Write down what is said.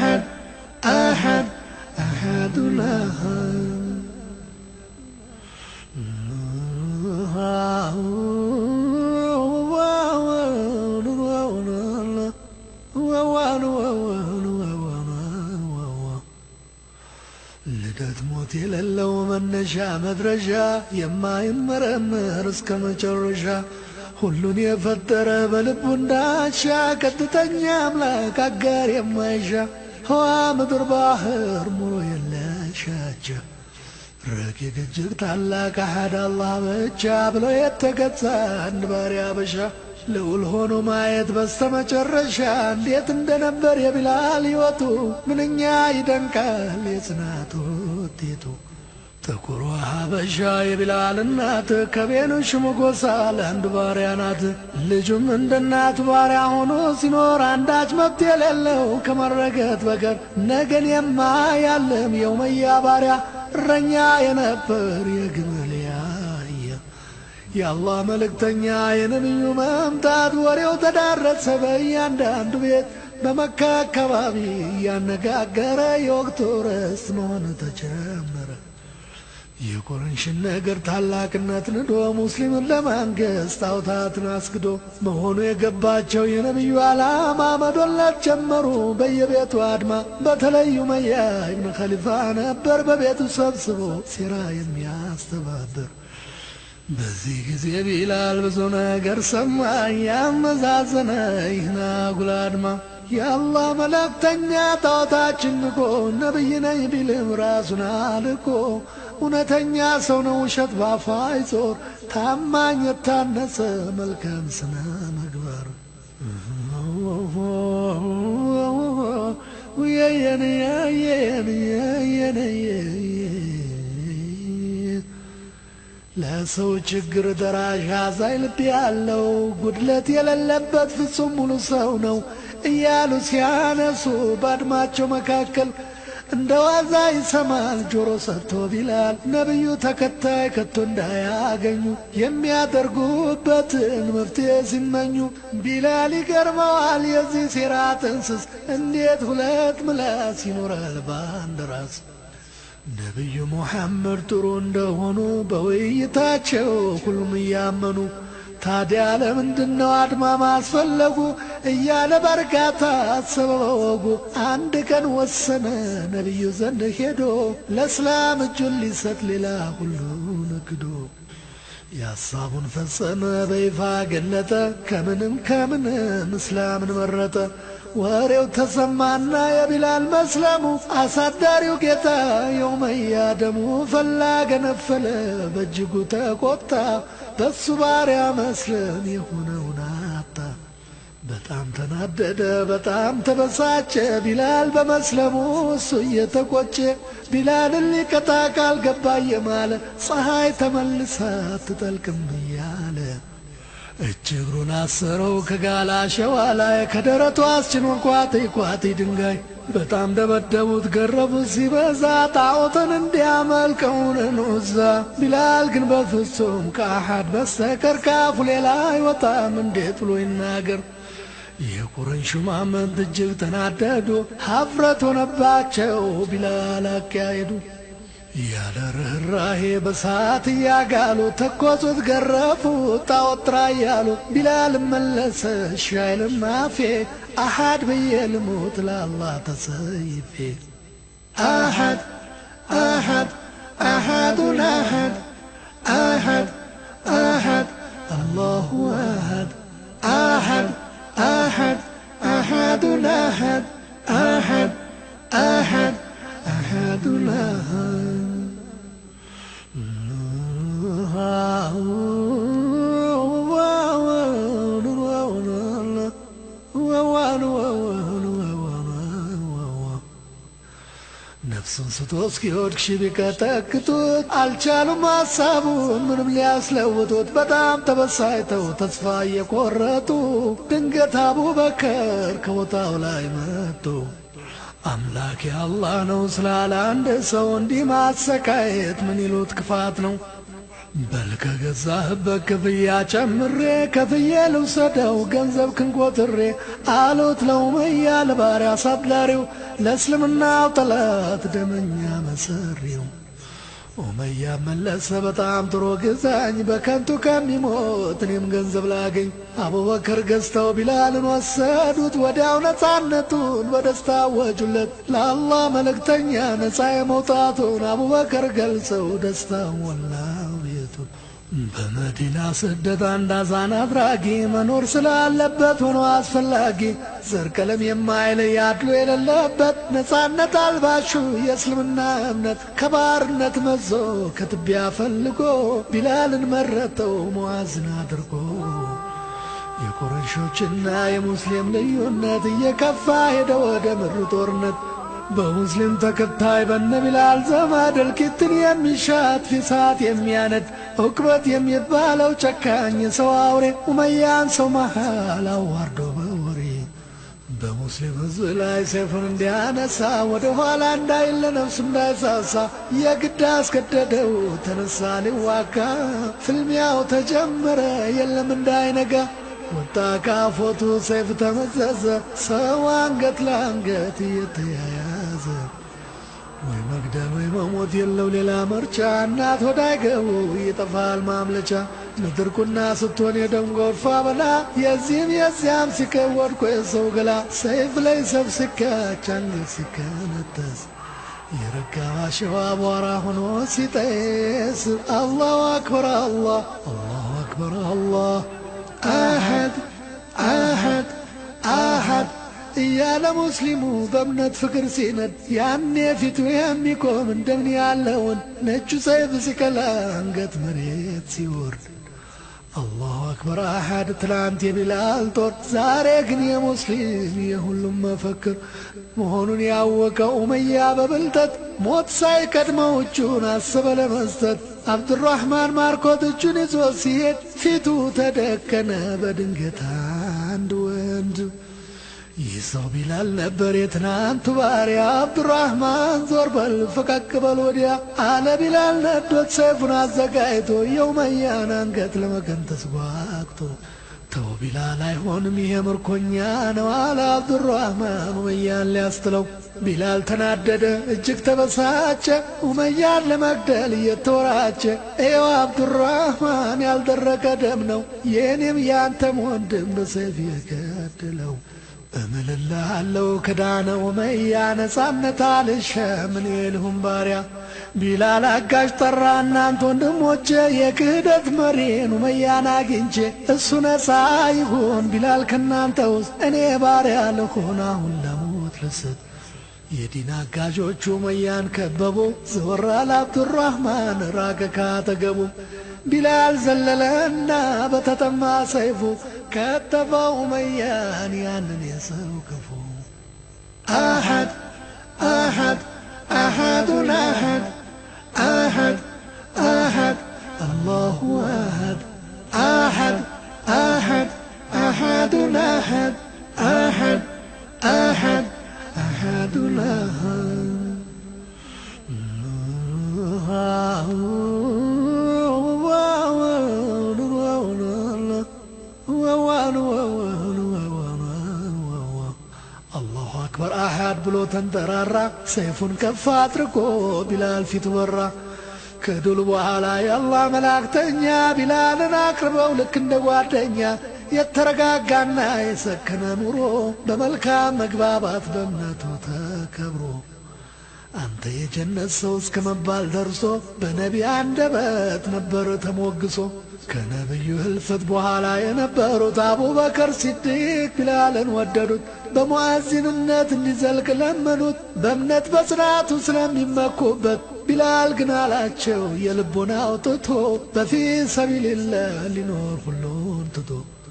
أحد أحد أحد الأحد ልደት የሌለው መነሻ መድረሻ የማይመረምር እስከ መጨረሻ ሁሉን የፈጠረ በልቡ እንዳሻ ቀጥተኛ አምላክ አጋር የማይሻ ህዋ ምድር ባህር ሙሉ የለሻቸ ረቂቅ እጅግ ታላቅ አሃድ አላህ ብቻ ብሎ የተገዛ አንድ ባሪያ በሻ ልዑል ሆኖ ማየት በስተመጨረሻ እንዴት እንደነበር የቢላል ሕይወቱ ምንኛ ይደንቃል የጽናቱ ውጤቱ ጥቁሯ ሀበሻ የቢላል እናት ከቤንሽ ሙጎሳ ለአንድ ባሪያ ናት። ልጁም እንደ እናት ባሪያ ሆኖ ሲኖር አንዳች መብት የሌለው ከመረገጥ በቀር ነገን የማያለም የውመያ ባሪያ እረኛ የነበር የግመል ያየ የአላህ መልእክተኛ የነቢዩ መምጣት ወሬው ተዳረሰ በእያንዳንዱ ቤት በመካ አካባቢ እያነጋገረ የወቅቱ ርዕስ መሆን ተጀመረ። የቁረንሽን ነገር ታላቅነት ንዶ ሙስሊምን ለማንገስ አውታትን አስግዶ መሆኑ የገባቸው የነቢዩ ዓላማ መዶላት ጀመሩ። በየቤቱ አድማ በተለዩ መያ ኢብን ኸሊፋ ነበር በቤቱ ሰብስቦ ሴራ የሚያስተባብር። በዚህ ጊዜ ቢላል ብዙ ነገር ሰማ ያመዛዘነ ይህን አጉል አድማ የአላህ መላእክተኛ ጣዖታችን ንቆ ነብይ ነኝ ቢልም ራሱን አልቆ እውነተኛ ሰው ነው ውሸት ባፋይ አይዞር ታማኝ የታነጸ መልካም ስነ ምግባር የየን የየን የየን ለሰው ችግር ደራሽ አዛኝ ልብ ያለው ጉድለት የሌለበት ፍጹም ሙሉ ሰው ነው እያሉ ሲያነሱ በአድማቸው መካከል እንደ ዋዛ ይሰማል ጆሮ ሰጥቶ ቢላል ነቢዩ ተከታይ ከቶ እንዳያገኙ የሚያደርጉበትን መፍትሄ ሲመኙ ቢላል ይገርመዋል የዚህ ሴራ ጥንስስ እንዴት ሁለት ምላስ ይኖራል ባንድ ራስ ነቢዩ ሙሐመድ ጥሩ እንደሆኑ በውይይታቸው ሁሉም እያመኑ፣ ታዲያ ለምንድነው አድማ ማስፈለጉ? እያለ በእርጋታ አሰበ በወጉ። አንድ ቀን ወሰነ ነቢዩ ዘንድ ሄዶ ለእስላም እጁን ሊሰጥ ሌላ ሁሉ ነግዶ የሐሳቡን ፈጸመ በይፋ ገለጠ። ከምንም ከምንም እስላምን መረጠ። ወሬው ተሰማና የቢላል መስለሙ አሳዳሪው ጌታ የውመያ ደሙ ፈላ ገነፈለ በእጅጉ ተቆጣ። በሱ ባሪያ መስለን የሆነውን አጣ። በጣም ተናደደ፣ በጣም ተበሳጨ። ቢላል በመስለሙ እሱ እየተቆጨ ቢላልን ሊቀጣ ቃል ገባ እየማለ ፀሐይ ተመልሳ ትጠልቅም እያለ እጅ እግሩን አሰረው ከጋላ ሸዋ ላይ ከደረቱ አስችኖን ኳቴ ኳቴ ድንጋይ በጣም ደበደቡት ገረፉት ሲበዛ ጣዖትን እንዲያመልከውን ንዑዛ ቢላል ግን በፍጹም ከአሓድ በስተቀር ካፉ ሌላ አይወጣም እንዴት ብሎ ይናገር? የቁረይሽ ሹማምንት እጅግ ተናደዱ፣ ሀፍረት ሆነባቸው ቢላል አካሄዱ ያለ ርኅራሄ በሳት እያጋሉ ተኮሱት ገረፉ ጣወጥራ እያሉ ቢላል መለሰ ሻይልም አፌ አሃድ ብዬ ልሙት ላላ ተሰይፌ አሃድ አሃድ አሃዱን አሃድ አሃድ አሃድ አላሁ አንስቶ እስኪወድቅ ሺህ ቢቀጠቅጡት አልቻሉም ሀሳቡን ምንም ሊያስለውጡት በጣም ተበሳይተው ተስፋ እየቆረጡ ድንገት አቡበከር ከቦታው ላይ መጡ። አምላክ አላህ ነው ስላለ አንድ ሰው እንዲህ ማሰቃየት ምን ይሉት ክፋት ነው? በል ከገዛህበት ክፍያ ጨምሬ ከፍዬ ልውሰደው ገንዘብ ክንቆጥሬ አሉት ለውመያ ለባሪያ አሳዳሪው ለእስልምናው ጠላት ደመኛ መሰሪው ኡመያ መለሰ በጣም ጥሮ ግዛኝ በከንቱ ከሚሞት እኔም ገንዘብ ላገኝ አቡበክር ገዝተው ቢላልን ወሰዱት ወዲያው ነፃነቱን በደስታ አወጁለት ለአላህ መልእክተኛ ነፃ የመውጣቱን አቡበክር ገልጸው ደስታ ወላ ስደትና ስደት አንድ አዛን አድራጊ መኖር ስላለበት ሆኖ አስፈላጊ ዘር ቀለም የማይል አድሎ የሌለበት ነፃነት አልባሹ የእስልምና እምነት ከባርነት መዞ ከትቢያ ፈልጎ ቢላልን መረጠው መዋዝን አድርጎ የቁረሾችና የሙስሊም ልዩነት እየከፋ ሄደ ወደ ምሩ ጦርነት በሙስሊም ተከታይ በነቢላል ዘማደል ኪትን የሚሻት ፊሳት የሚያነድ ዑቅበት የሚባለው ጨካኝ ሰው አውሬ ኡመያን ሰው መሃል አዋርዶ በወሬ በሙስሊም ሕዝብ ላይ ሰይፉን እንዲያነሳ ወደ ኋላ እንዳይል ነፍሱ እንዳይሳሳ የግድ አስገደደው ተነሳ ሊዋጋ። ፍልሚያው ተጀመረ የለም እንዳይነጋ ወጣ ካፎቱ ሰይፍ ተመዘዘ ሰው አንገት ለአንገት እየተያያ ሞት የለው ሌላ መርቻ እናት ወዳይገቡ ይጠፋል ማምለቻ ምድር ስትሆን ስትሆን የደንጎፋ በላ የዚህም የዚያም ሲከወድቆ የሰው ገላ ሰይፍ ላይ ሰብ ሲከቻንግ ሲከነተስ የረጋባ ሸዋ አቧራ ሆኖ ሲጠስ አላሁ አክበር አላህ አላሁ አክበር አላህ እያለ ሙስሊሙ በእምነት ፍቅር ሲነድ ያኔ ፊቱ የሚቆም እንደምን ያለውን ነጩ ሰይፍ ሲከላ አንገት መሬት ሲወርድ አላሁ አክበር አሐድ ትላንት የቢላል ጦር ዛሬ ግን የሙስሊም የሁሉም መፈክር መሆኑን ያወቀው ኡመያ በብልጠት ሞት ሳይቀድመው እጁን አስበ ለመስጠት አብዱራህማን ማርኮት እጁን ይዞ ሲሄድ ፊቱ ተደከነ በድንገታ ይህ ሰው ቢላል ነበር የትናንቱ ባሪያ አብዱራህማን ዞር በል ፈቀቅ በል ወዲያ አለ ቢላል ነበር ሰይፉን አዘጋጅቶ የኡመያን አንገት ለመገን ተስጓግቶ ተው ቢላል አይሆንም ይሄ ምርኮኛ ነው አለ አብዱራህማን ኡመያን ሊያስትለው ቢላል ተናደደ እጅግ ተበሳጨ ኡመያን ለመግደል እየተወራጨ ኤው አብዱራህማን ያልደረቀ ደም ነው የእኔም ያንተም ወንድም በሰይፍ የገደለው እምልላለው ክዳነው መያ ነፃነት ምን የልሁም ባሪያ ቢላል አጋዥ ጠራ እናንተ ወንድሞቼ የክህደት መሪኑ መያን አግኝቼ እሱ ነፃ ይሁን ቢላል ከናንተ ውስጥ እኔ ባሪያ ልሁን አሁን ለሞት ልስጥ የዲን አጋዦቹ መያን ከበቡ ዘወራ ለአብዱራህማን ራቀ ካጠገቡ ቢላል ዘለለና በተጠማ ሰይፉ كتبوا مياني أنني سوقفوا أحد أحد أحد أحد أحد أحد الله أحد أحد أحد أحد أحد أحد أحد أحد أحد ተንጠራራ፣ ሰይፉን ከፍ አድርጎ ቢላል ፊት ወራ። ከድል በኋላ የአላህ መላእክተኛ ቢላልን አቅርበው ልክ እንደ ጓደኛ የተረጋጋና የሰከነ ኑሮ በመልካም መግባባት በእምነቱ አንተ የጀነት ሰው እስከ መባል ደርሶ በነቢይ አንደበት ነበር ተሞግሶ። ከነቢዩ ህልፈት በኋላ የነበሩት አቡበከር ሲዲቅ ቢላልን ወደዱት። በሙዓዚንነት እንዲዘልቅ ለመኑት። በእምነት በጽናቱ ስለሚመኩበት ቢላል ግን አላቸው የልቡን አውጥቶ በፊ ሰቢልለ ሊኖር ሁሉ